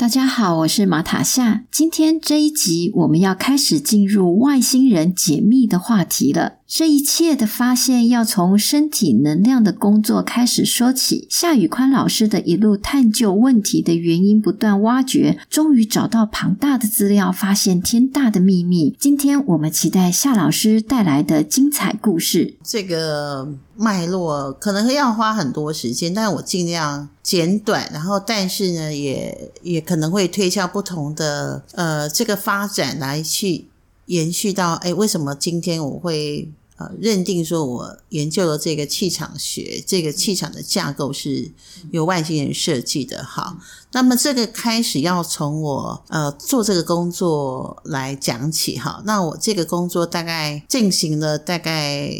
大家好，我是瑪塔夏。今天這一集，我們要開始進入外星人解密的話題了。這一切的發現要從身體能量的工作開始說起。夏語寬老師的一路探究問題的原因，不斷挖掘，終於找到龐大的資料，發現天大的秘密。今天我們期待夏老師帶來的精彩故事。這個脈絡可能要花很多時間，但我盡量簡短。然後，但是呢，也也可能會推敲不同的，呃，這個發展來去延續到，誒，為什麼今天我會？呃，認定說我研究了這個氣場學，這個氣場的架構是由外星人設計的。好，那麼這個開始要從我呃做這個工作來講起。哈，那我這個工作大概進行了大概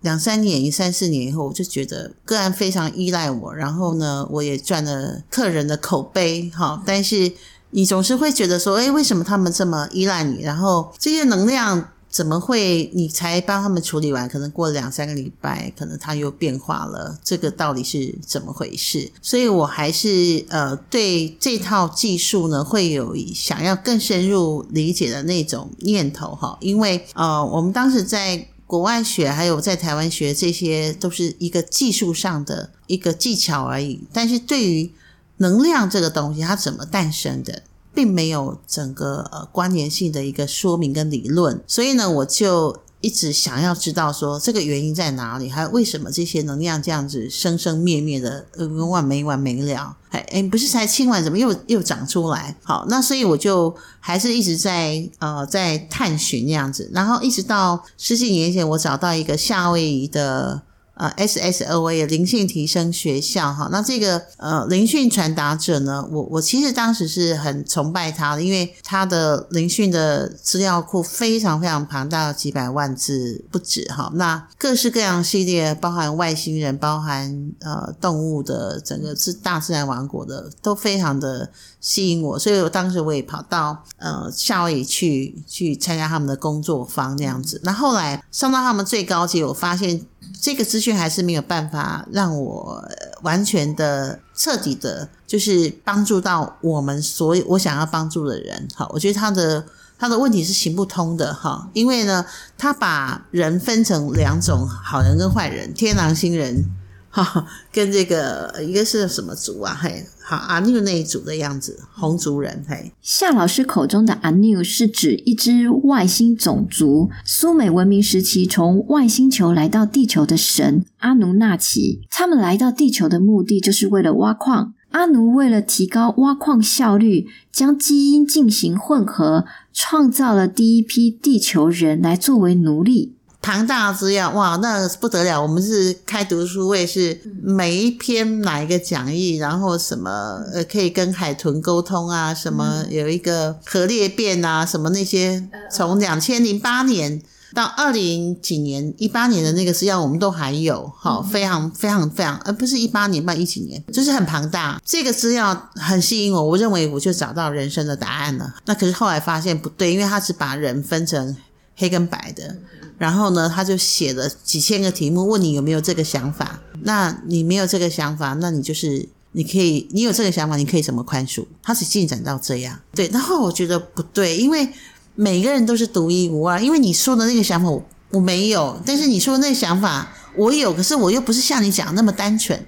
兩三年，一三四年以後，我就覺得個案非常依賴我。然後呢，我也賺了客人的口碑。好，但是你總是會覺得說，誒、哎，為什麼他們這麼依賴你？然後這些能量。怎麼會？你才幫他們處理完，可能過兩三個禮拜，可能它又變化了。這個到底是怎麼回事？所以我還是呃對這套技術呢，會有想要更深入理解的那種念頭哈。因為呃，我們當時在國外學，還有在台灣學，這些都是一個技術上的一個技巧而已。但是對於能量這個東西，它怎麼誕生的？並沒有整個呃關聯性的一個說明跟理論，所以呢，我就一直想要知道說這個原因在哪裡，還有為什麼這些能量這樣子生生滅滅的，呃，永遠沒完沒了。哎哎，不是才清完，怎麼又又長出來？好，那所以我就還是一直在呃在探尋這樣子，然後一直到十幾年前，我找到一個夏威夷的。S 呃，S S O A 靈性提升學校哈，那這個呃靈訊傳達者呢，我我其實當時是很崇拜他的，因為他的靈訊的資料庫非常非常龐大，幾百萬字不止哈。那各式各樣系列，包含外星人，包含呃動物的整個是大自然王國的，都非常的吸引我，所以我當時我也跑到呃夏威夷去去參加他們的工作坊這樣子。那後來上到他們最高級，我發現。這個資訊還是沒有辦法讓我完全的、徹底的，就是幫助到我們所有我想要幫助的人。好，我覺得他的他的問題是行不通的，哈，因為呢，他把人分成兩種，好人跟壞人、天狼星人。哈，哈，跟這個一個是什麼族啊？嘿，好阿紐那一族的樣子，紅族人。嘿，夏老師口中的阿紐是指一支外星種族。蘇美文明時期，從外星球來到地球的神阿努納奇，他們來到地球的目的就是為了挖礦。阿奴為了提高挖礦效率，將基因進行混合，創造了第一批地球人來作為奴隸。龐大的資料哇，那不得了！我們是開讀書會，是每一篇哪一個講義，然後什麼呃，可以跟海豚溝通啊，什麼有一個核裂變啊，什麼那些從兩千零八年到二零幾年一八年的那個資料，我們都還有，好，非常非常非常，呃，不是一八年吧？一幾年，就是很龐大。這個資料很吸引我，我認為我就找到人生的答案了。那可是後來發現不對，因為他只把人分成。黑跟白的，然後呢，他就寫了幾千個題目，問你有沒有這個想法。那你沒有這個想法，那你就是你可以，你有這個想法，你可以怎麼寬恕？他是進展到這樣，對。然後我覺得不對，因為每個人都是獨一無二。因為你說的那個想法我，我我沒有，但是你說的那個想法我有，可是我又不是像你講的那麼單純，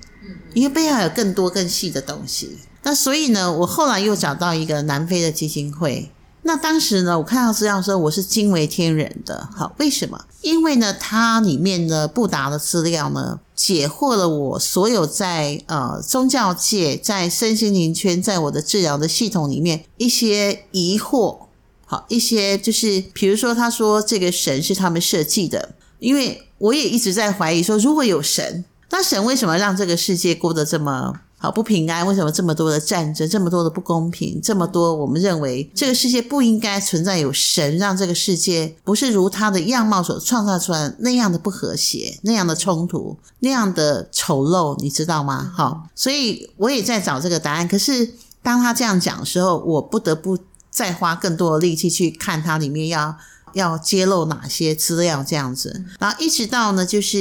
因為背後有更多更細的東西。那所以呢，我後來又找到一個南非的基金會。那當時呢，我看到資料的時候，我是驚為天人的。好，為什麼？因為呢，它裡面呢，布達的資料呢，解惑了我所有在呃宗教界、在身心靈圈、在我的治療的系統裡面一些疑惑。好，一些就是，比如說他說這個神是他們設計的，因為我也一直在懷疑說，如果有神，那神為什麼讓這個世界過得這麼？好，不平安，為什麼這麼多的戰爭，這麼多的不公平，這麼多，我們認為這個世界不應該存在有神，讓這個世界不是如他的樣貌所創造出來那樣的不和諧，那樣的衝突，那樣的醜陋，你知道嗎？好，所以我也在找這個答案。可是當他這樣講的時候，我不得不再花更多的力氣去看他裡面要要揭露哪些資料這樣子。然後一直到呢，就是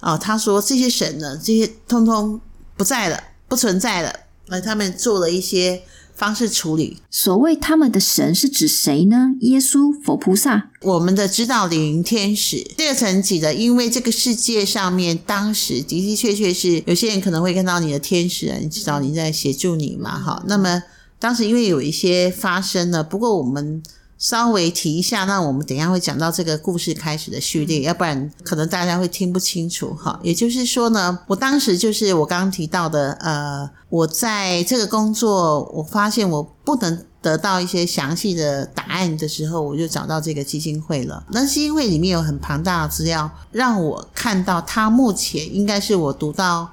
啊、呃，他說這些神呢，這些通通不在了。不存在了，而他們做了一些方式處理。所謂他們的神是指誰呢？耶穌、佛、菩薩、我們的指導靈、天使，這個層級的。因為這個世界上面，當時的的確確是有些人可能會看到你的天使啊，你知道你在協助你嘛？哈，那麼當時因為有一些發生了，不過我們。稍微提一下，那我們等一下會講到這個故事開始的序列，要不然可能大家會聽不清楚哈。也就是說呢，我當時就是我剛剛提到的，呃，我在這個工作，我發現我不能得到一些詳細的答案的時候，我就找到這個基金會了。那基金會裡面有很龐大的資料，讓我看到它目前應該是我讀到。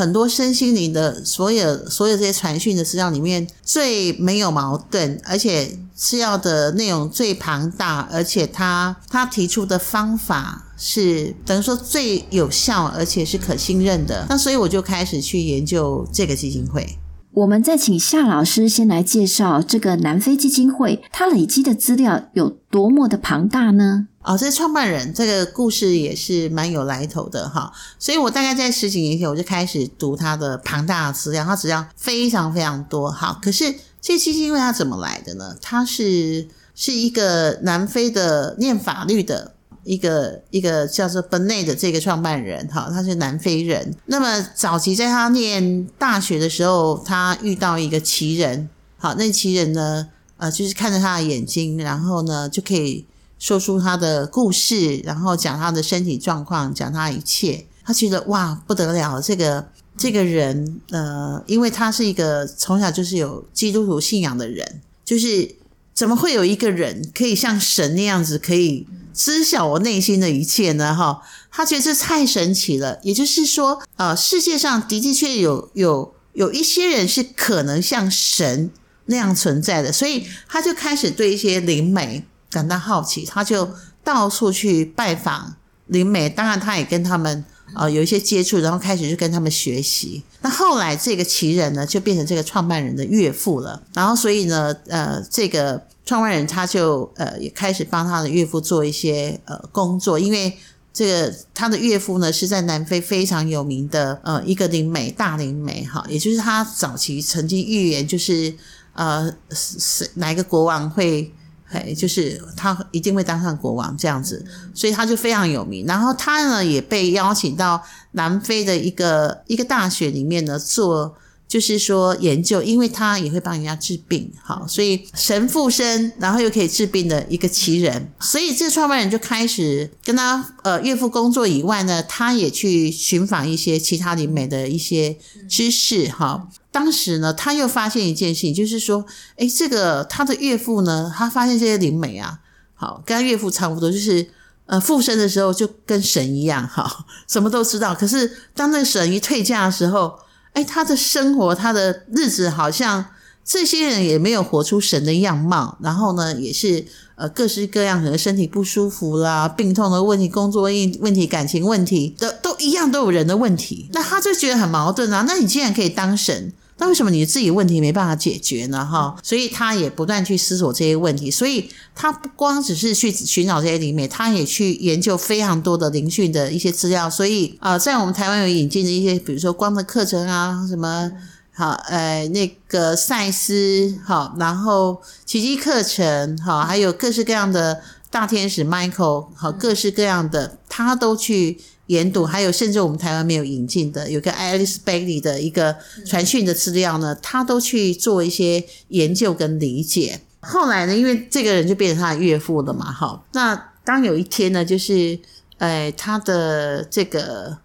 很多身心靈的所有所有這些傳訊的資料裡面，最沒有矛盾，而且資料的內容最龐大，而且他他提出的方法是等於說最有效，而且是可信任的。那所以我就開始去研究這個基金會。我們再請夏老師先來介紹這個南非基金會，它累積的資料有多麼的龐大呢？哦，這是創辦人，這個故事也是蠻有來頭的哈。所以我大概在十幾年前我就開始讀他的龐大的資料，他資料非常非常多。哈，可是這其實因為他怎麼來的呢？他是是一個南非的念法律的一個一個叫做本奈的這個創辦人哈，他是南非人。那麼早期在他念大學的時候，他遇到一個奇人，好，那奇人呢，呃，就是看着他的眼睛，然後呢就可以。說出他的故事，然後講他的身體狀況，講他的一切。他覺得哇不得了，這個這個人，呃，因為他是一個從小就是有基督徒信仰的人，就是怎麼會有一個人可以像神那樣子，可以知曉我內心的一切呢？哈、哦，他覺得這太神奇了。也就是說，啊、呃，世界上的的確有有有一些人是可能像神那樣存在的，所以他就開始對一些靈媒。感到好奇，他就到處去拜訪靈媒。當然，他也跟他們呃有一些接觸，然後開始去跟他們學習。那後來這個奇人呢，就變成這個創辦人的岳父了。然後，所以呢，呃，這個創辦人他就呃也開始幫他的岳父做一些呃工作，因為這個他的岳父呢是在南非非常有名的呃一個靈媒，大靈媒哈，也就是他早期曾經預言就是呃是哪一個國王會。嘿，就是他一定會當上國王，這樣子，所以他就非常有名。然後他呢，也被邀請到南非的一個，一個大學裡面呢做。就是說，研究，因為他也會幫人家治病，好，所以神附身，然後又可以治病的一個奇人，所以這個創辦人就開始跟他呃岳父，工作以外呢，他也去尋訪一些其他靈媒的一些知識，哈。當時呢，他又發現一件事情，就是說，誒、欸、這個他的岳父呢，他發現這些靈媒啊，好，跟他岳父差不多，就是呃附身的時候就跟神一樣，哈，什麼都知道。可是當那個神一退駕的時候，哎、欸，他的生活，他的日子，好像這些人也沒有活出神的樣貌。然後呢，也是呃，各式各樣，可能身體不舒服啦，病痛的問題，工作問問題，感情問題的，都，都一樣，都有人的問題。那他就覺得很矛盾啊！那你竟然可以當神？那為什麼你自己問題沒辦法解決呢？哈，所以他也不斷去思索這些問題，所以他不光只是去尋找這些靈媒，他也去研究非常多的靈性的一些資料。所以啊，在我們台灣有引進的一些，比如說光的課程啊，什麼好，呃，那個賽斯好，然後奇蹟課程好，還有各式各樣的大天使 Michael 好，各式各樣的，他都去。研讀，還有甚至我們台灣沒有引進的，有個 Alice Bailey 的一個傳訊的資料呢，他都去做一些研究跟理解。後來呢，因為這個人就變成他的岳父了嘛，好，那當有一天呢，就是，誒、哎、他的這個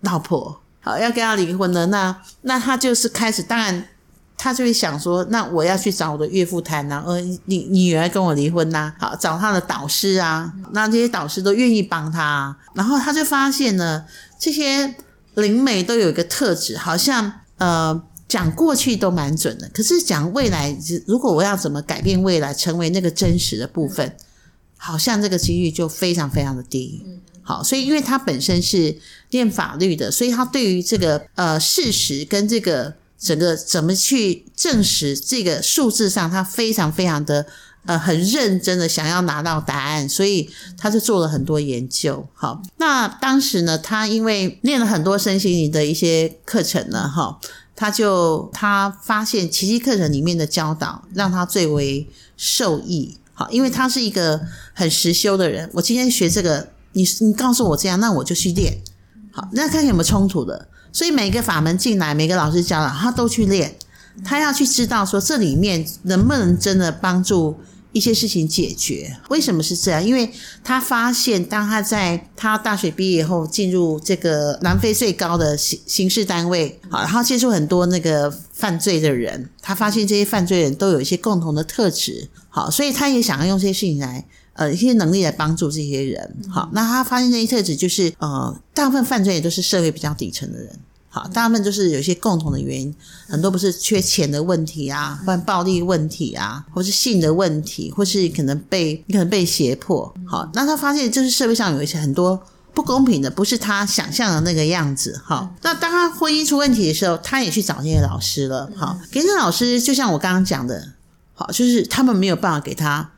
老婆好要跟他離婚了，那那他就是開始，當然。他就會想說：“那我要去找我的岳父談吶、啊，呃，你你女兒跟我離婚吶、啊，好，找他的導師啊。那這些導師都願意幫他、啊。然後他就發現呢，這些靈媒都有一個特質，好像呃講過去都蠻準的，可是講未來，如果我要怎麼改變未來，成為那個真實的部分，好像這個幾率就非常非常的低。好，所以因為他本身是念法律的，所以他對於這個呃事實跟這個。整個怎麼去證實這個數字上，他非常非常的呃，很認真的想要拿到答案，所以他就做了很多研究。好，那當時呢，他因為練了很多身心靈的一些課程呢，哈、哦，他就他發現奇蹟課程裡面的教導讓他最為受益。好，因為他是一個很實修的人，我今天學這個，你你告訴我這樣，那我就去練。好，那看有沒有衝突的。所以每個法門進來，每個老師教了，他都去練，他要去知道說這裡面能不能真的幫助一些事情解決？為什麼是這樣？因為他發現，當他在他大學畢業以後進入這個南非最高的刑刑事單位，好，然後接觸很多那個犯罪的人，他發現這些犯罪人都有一些共同的特質，好，所以他也想要用這些事情來。呃，一些能力來幫助這些人。好，那他發現這些特質就是，呃，大部分犯罪也都是社會比較底層的人。好，大部分就是有一些共同的原因，很多不是缺錢的問題啊，不然暴力問題啊，或是性的問題，或是可能被你可能被脅迫。好，那他發現就是社會上有一些很多不公平的，不是他想象的那個樣子。好，那當他婚姻出問題的時候，他也去找這些老師了。好，給這些老師就像我剛剛講的，好，就是他們沒有辦法給他。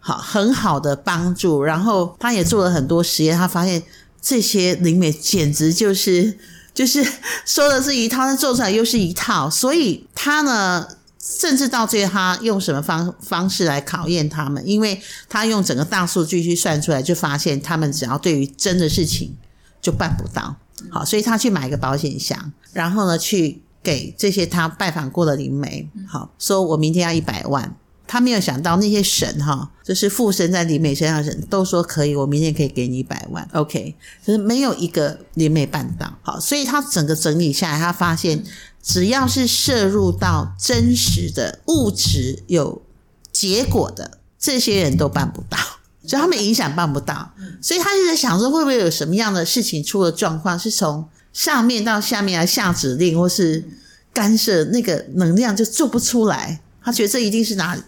好，很好的幫助。然後他也做了很多實驗，他發現這些靈媒簡直就是，就是說的是一套，他做出來又是一套。所以他呢，甚至到最後，他用什麼方方式來考驗他們？因為他用整個大數據去算出來，就發現他們只要對於真的事情就辦不到。好，所以他去買一個保險箱，然後呢，去給這些他拜訪過的靈媒，好，說我明天要一百萬。他沒有想到那些神哈，就是附身在靈媒身上的神都說可以，我明天可以給你一百萬，OK。可是沒有一個靈媒辦到，好，所以他整個整理下來，他發現只要是攝入到真實的物質有結果的，這些人都辦不到，所以他們影響辦不到。所以他就在想說，會不會有什麼樣的事情出了狀況，是從上面到下面來下指令或是干涉那個能量就做不出來？他覺得這一定是哪裡。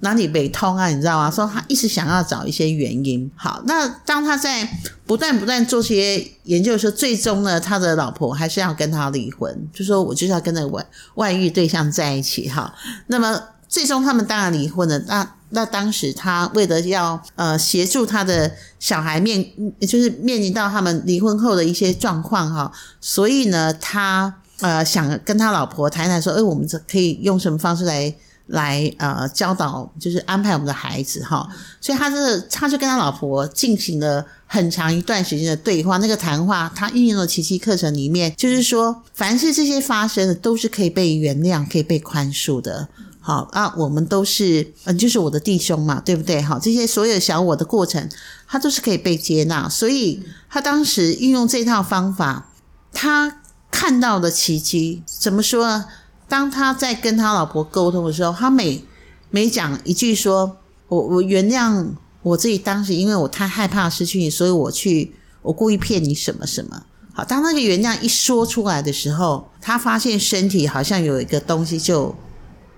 哪裡沒通啊？你知道嗎？說他一直想要找一些原因。好，那當他在不斷不斷做些研究的時候，最終呢，他的老婆還是要跟他離婚，就說我就要跟那外外遇對象在一起。哈，那麼最終他們當然離婚了。那那當時他為了要呃協助他的小孩面，就是面臨到他們離婚後的一些狀況哈。所以呢，他呃想跟他老婆談談，說、欸、誒，我們這可以用什麼方式來？來呃教導，就是安排我們的孩子哈、哦，所以他這個，他就跟他老婆進行了很長一段時間的對話。那個談話他運用了奇蹟課程裡面，就是說，凡是這些發生的都是可以被原諒、可以被寬恕的。好啊，我們都是嗯、呃，就是我的弟兄嘛，對不對？哈、哦，這些所有小我的過程，他都是可以被接納。所以他當時運用這套方法，他看到的奇蹟怎麼說呢？當他在跟他老婆溝通的時候，他每每講一句說，說我我原諒我自己，當時因為我太害怕失去你，所以我去我故意騙你什麼什麼。好，當那個原諒一說出來的時候，他發現身體好像有一個東西就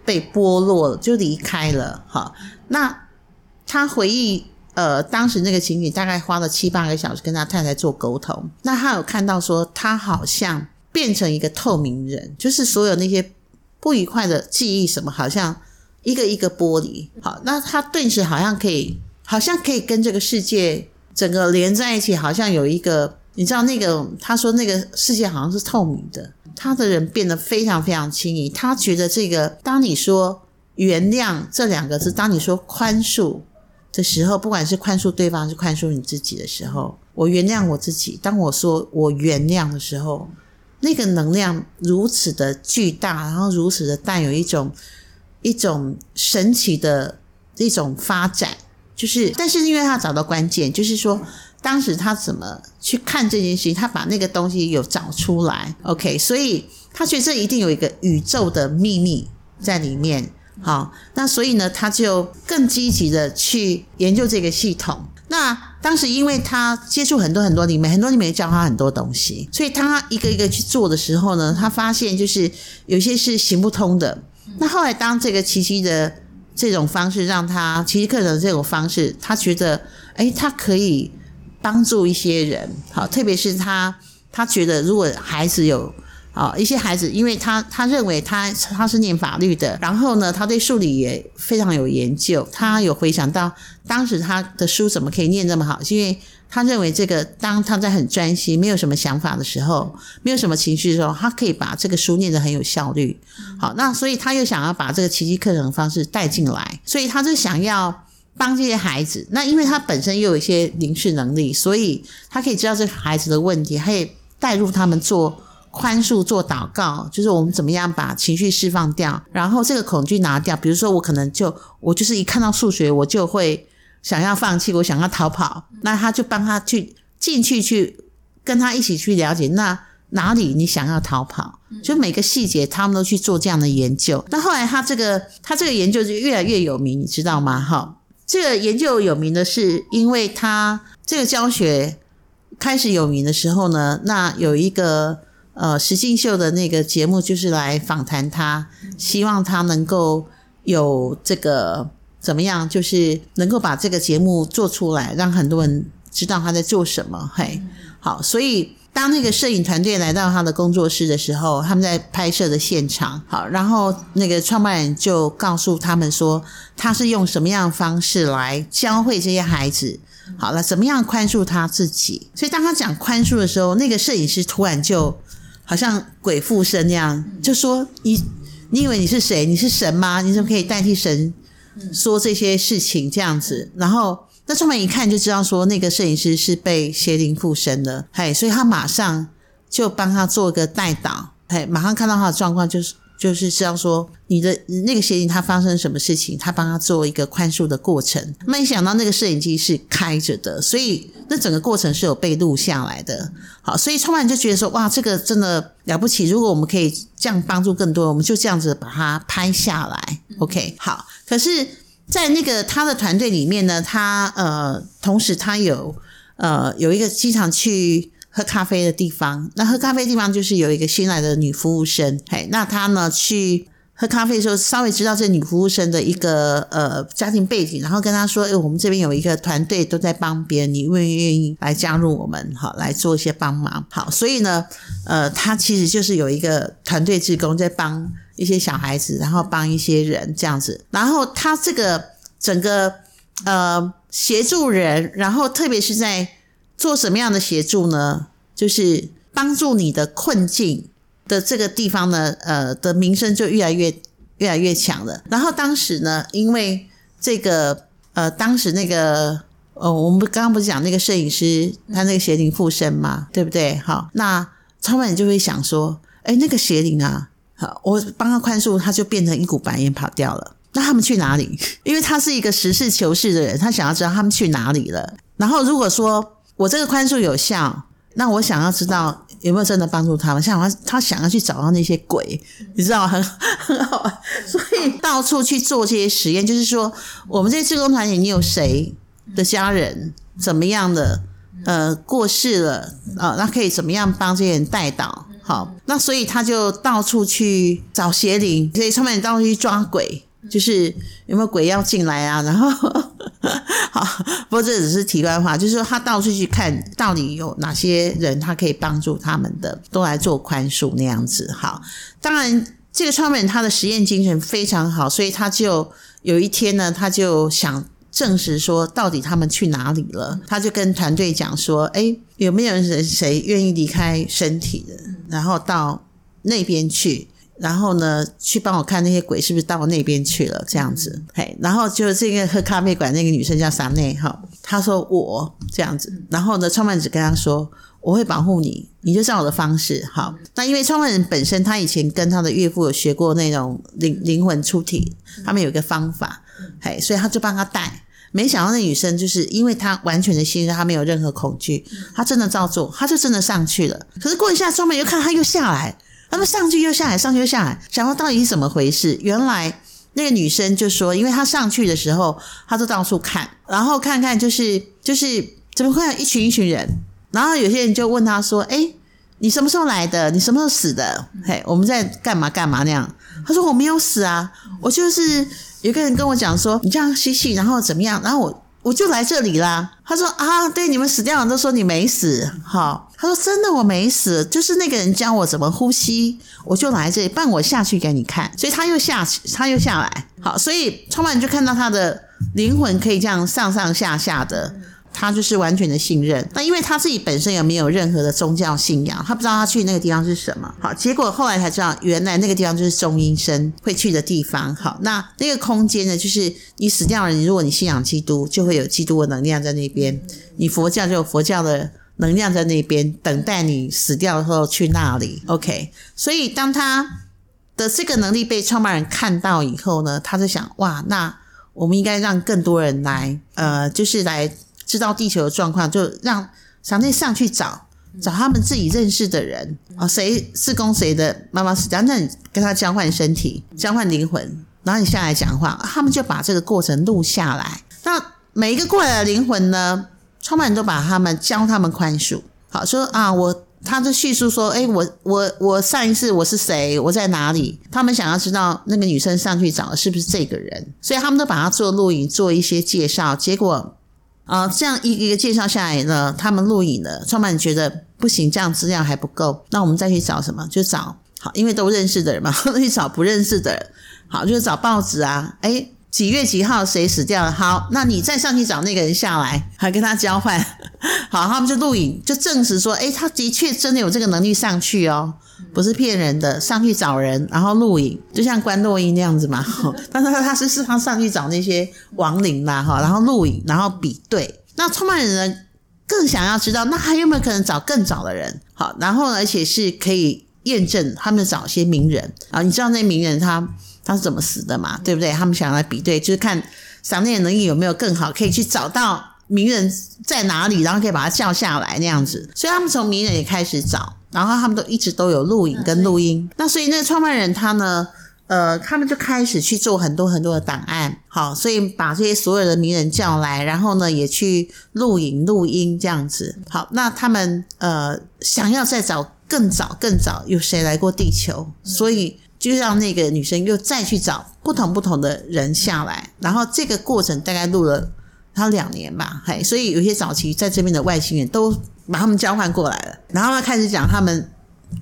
被剝落了，就離開了。好，那他回憶，呃，當時那個情景大概花了七八個小時跟他太太做溝通。那他有看到說，他好像變成一個透明人，就是所有那些。不愉快的記憶，什麼好像一個一個剝離。好，那他頓時好像可以，好像可以跟這個世界整個連在一起。好像有一個，你知道那個，他說那個世界好像是透明的。他的人變得非常非常輕盈。他覺得這個，當你說原諒這兩個字，當你說寬恕的時候，不管是寬恕對方，還是寬恕你自己的時候，我原諒我自己。當我說我原諒的時候。那個能量如此的巨大，然後如此的帶有一種一種神奇的一種發展，就是但是因為他找到關鍵，就是說當時他怎麼去看這件事情，他把那個東西有找出來，OK，所以他覺得這一定有一個宇宙的秘密在裡面，好，那所以呢，他就更積極的去研究這個系統，那。當時因為他接觸很多很多裡面，很多裡面教他很多東西，所以他一個一個去做的時候呢，他發現就是有些是行不通的。那後來當這個琪琪的這種方式讓他，琪琪課程的這種方式，他覺得，誒、欸、他可以幫助一些人，好，特別是他他覺得如果孩子有，哦，一些孩子，因為他他認為他他是念法律的，然後呢，他對數理也非常有研究。他有回想到當時他的書怎麼可以念這麼好，是因為他認為這個當他在很專心、沒有什麼想法的時候，沒有什麼情緒的時候，他可以把這個書念得很有效率。好，那所以他又想要把這個奇蹟課程的方式帶進來，所以他就想要幫這些孩子。那因為他本身又有一些靈視能力，所以他可以知道這孩子的問題，他可以帶入他們做寬恕，做禱告，就是我們怎麼樣把情緒釋放掉，然後這個恐懼拿掉。比如說，我可能就我就是一看到數學，我就會想要放棄，我想要逃跑。那他就幫他去進去，去，去跟他一起去了解，那哪裡你想要逃跑？就每個細節他們都去做這樣的研究。那後來他這個他這個研究就越來越有名，你知道嗎？哈，這個研究有名的是因為他這個教學開始有名的時候呢，那有一個。呃，實境秀的那個節目就是來訪談他，希望他能夠有這個怎麼樣，就是能夠把這個節目做出來，讓很多人知道他在做什麼。嘿，好，所以當那個攝影團隊來到他的工作室的時候，他們在拍攝的現場。好，然後那個創辦人就告訴他們說，他是用什麼樣的方式來教會這些孩子？好了，來怎麼樣寬恕他自己？所以當他講寬恕的時候，那個攝影師突然就。好像鬼附身那樣，就說你，你以為你是誰？你是神嗎？你怎麼可以代替神說這些事情這樣子？然後那上面一看就知道，說那個攝影師是被邪靈附身了。嘿，所以他馬上就幫他做一個代導。嘿，馬上看到他的狀況就是。就是知道說你的那個邪靈，它發生什麼事情，他幫他做一個寬恕的過程。沒想到那個攝影機是開着的，所以那整個過程是有被錄下來的。好，所以創辦人就覺得說：“哇，這個真的了不起！如果我們可以這樣幫助更多，我們就這樣子把它拍下來。”嗯、OK，好。可是，在那個他的團隊裡面呢，他呃，同時他有呃有一個經常去。喝咖啡的地方，那喝咖啡的地方就是有一個新來的女服務生，嘿，那她呢去喝咖啡的時候，稍微知道這女服務生的一個呃家庭背景，然後跟她說：“哎，我們這邊有一個團隊都在幫別人，你願不願意來加入我們？好，來做一些幫忙。”好，所以呢，呃，她其實就是有一個團隊志工在幫一些小孩子，然後幫一些人這樣子。然後她這個整個呃協助人，然後特別是在。做什麼樣的協助呢？就是幫助你的困境的這個地方呢，呃，的名聲就越來越越來越強了。然後當時呢，因為這個呃，當時那個呃、哦，我們剛剛不是講那個攝影師他那個邪靈附身嘛，對不對？好，那超人就會想說，哎，那個邪靈啊，好，我幫他寬恕，他就變成一股白煙跑掉了。那他們去哪裡？因為他是一個實事求是的人，他想要知道他們去哪裡了。然後如果說我這個寬恕有效，那我想要知道有沒有真的幫助他了？像他他想要去找到那些鬼，你知道很很好玩，所以到處去做這些實驗，就是說我們這些志工團體，你有誰的家人怎麼樣的，呃，過世了啊、呃，那可以怎麼樣幫這些人帶導？好，那所以他就到處去找邪靈，所以他們到處去抓鬼。就是有沒有鬼要進來啊？然後 好，不過這只是題外話，就是說他到處去看，到底有哪些人他可以幫助他們的，都來做寬恕那樣子。好，當然這個創辦人他的實驗精神非常好，所以他就有一天呢，他就想證實說到底他們去哪裡了。他就跟團隊講說：“哎、欸，有沒有人誰願意離開身體的，然後到那邊去？”然後呢，去幫我看那些鬼是不是到我那邊去了？這樣子，嘿，然後就是這個喝咖啡館那個女生叫沙內哈，她說我這樣子，然後呢，創辦者跟她說，我會保護你，你就照我的方式，好。那因為創辦人本身他以前跟他的岳父有學過那種靈靈魂出體，他們有一個方法，嘿，所以他就幫他帶。沒想到那女生就是因為他完全的信任，她沒有任何恐懼，她真的照做，她就真的上去了。可是過一下，創辦人又看她又下來。他們上去又下來，上去又下來，想說到底是怎麼回事？原來那個女生就說，因為她上去的時候，她就到處看，然後看看就是就是怎麼會有一群一群人，然後有些人就問她說：“哎、欸，你什麼時候來的？你什麼時候死的？嘿，我們在幹嘛幹嘛那樣？”她說：“我沒有死啊，我就是有個人跟我講說，你這樣嬉戲，然後怎麼樣，然後我我就來這裡啦。”她說：“啊，對，你們死掉了，都說你沒死，好。”他說：“真的，我沒死，就是那個人教我怎麼呼吸，我就來這裡伴我下去給你看。所以他又下去，他又下來。好，所以創辦人就看到他的靈魂可以這樣上上下下的，他就是完全的信任。那因為他自己本身也沒有任何的宗教信仰，他不知道他去那個地方是什麼。好，結果後來才知道，原來那個地方就是中陰身會去的地方。好，那那個空間呢，就是你死掉了，你如果你信仰基督，就會有基督的能量在那邊；你佛教就有佛教的。”能量在那邊等待你死掉後去那裡，OK。所以當他的這個能力被創辦人看到以後呢，他就想哇，那我們應該讓更多人來，呃，就是來知道地球的狀況，就讓想再上去找找他們自己認識的人啊，誰是公誰的媽媽死掉，那你跟他交換身體，交換靈魂，然後你下來講話，他們就把這個過程錄下來。那每一個過來的靈魂呢？創辦人都把他們，教他們寬恕，好說啊，我他的敘述說，哎，我我我上一次我是誰，我在哪裡？他們想要知道那個女生上去找的是不是這個人，所以他們都把他做錄影，做一些介紹。結果啊，這樣一個一個介紹下來呢，他們錄影了。創辦人覺得不行，這樣資料還不夠，那我們再去找什麼？就找好，因為都認識的人嘛，去找不認識的人，好，就是找報紙啊，哎。幾月幾號誰死掉了？好，那你再上去找那個人下來，還跟他交換。好，他們就錄影，就證實說，誒、欸、他的確真的有這個能力上去哦，不是騙人的。上去找人，然後錄影，就像關洛伊那樣子嘛。他說他，他，他是時常上去找那些亡靈啦，哈，然後錄影，然後比對。那創辦人呢，更想要知道，那還有沒有可能找更早的人？好，然後而且是可以驗證他們找些名人啊，你知道那名人他。他是怎麼死的嘛？對不對？他們想要來比對，就是看閃念能力有沒有更好，可以去找到名人在哪裡，然後可以把他叫下來那樣子。所以他們從名人也開始找，然後他們都一直都有錄影跟錄音。啊、那所以那個創辦人他呢，呃，他們就開始去做很多很多的檔案。好，所以把這些所有的名人叫來，然後呢也去錄影錄音這樣子。好，那他們呃想要再找更早更早有誰來過地球，嗯、所以。就讓那個女生又再去找不同不同的人下來，然後這個過程大概錄了他兩年吧，嘿，所以有些早期在這邊的外星人都把他們交換過來了，然後他開始講他們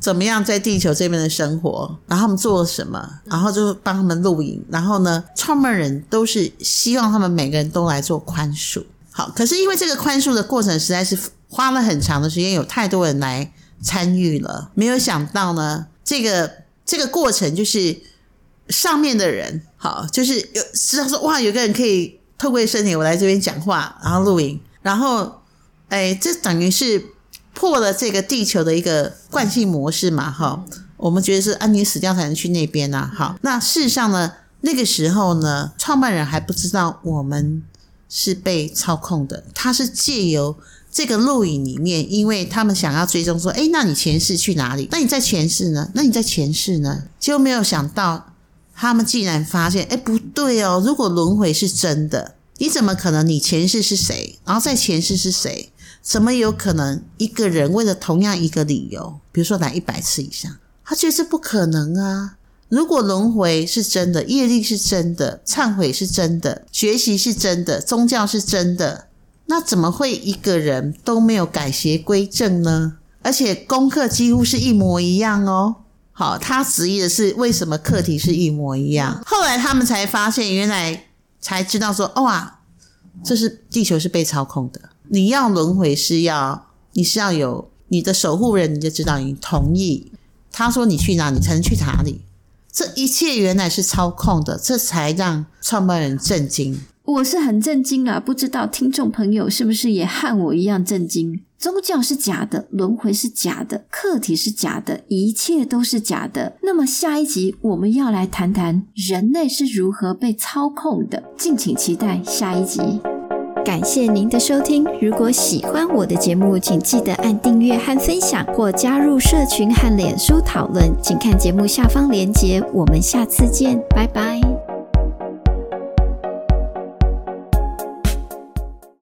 怎麼樣在地球這邊的生活，然後他們做了什麼，然後就幫他們錄影，然後呢，創辦人都是希望他們每個人都來做寬恕，好，可是因為這個寬恕的過程實在是花了很長的時間，有太多人來參與了，沒有想到呢，這個。這個過程就是上面的人，好，就是有知道說，哇，有個人可以透過身體我來這邊講話，然後錄影，然後哎，這等於是破了這個地球的一個慣性模式嘛，哈。我們覺得是安妮、啊、死掉才能去那邊呢、啊，好。那事實上呢，那個時候呢，創辦人還不知道我們是被操控的，他是借由。這個錄影裡面，因為他們想要追蹤說，哎，那你前世去哪裡？那你在前世呢？那你在前世呢？就沒有想到，他們竟然發現，哎，不對哦！如果輪迴是真的，你怎麼可能你前世是誰？然後在前世是誰？怎麼有可能一個人為了同樣一個理由，比如說來一百次以上，他覺得這不可能啊！如果輪迴是真的，業力是真的，懺悔是真的，學習是真的，宗教是真的。那怎麼會一個人都沒有改邪歸正呢？而且功課幾乎是一模一樣哦。好，他質疑的是為什麼課題是一模一樣？後來他們才發現，原來才知道說，哇，這是地球是被操控的。你要輪回是要，你是要有你的守護人，你就知道你同意。他說你去哪裡，你才能去哪裡。這一切原來是操控的，這才讓創辦人震驚。我是很震驚啊！不知道聽眾朋友是不是也和我一樣震驚？宗教是假的，輪迴是假的，課題是假的，一切都是假的。那麼下一集我們要來談談人類是如何被操控的，敬請期待下一集。感謝您的收聽，如果喜歡我的節目，請記得按訂閱和分享，或加入社群和臉書討論，請看節目下方連結。我們下次見，拜拜。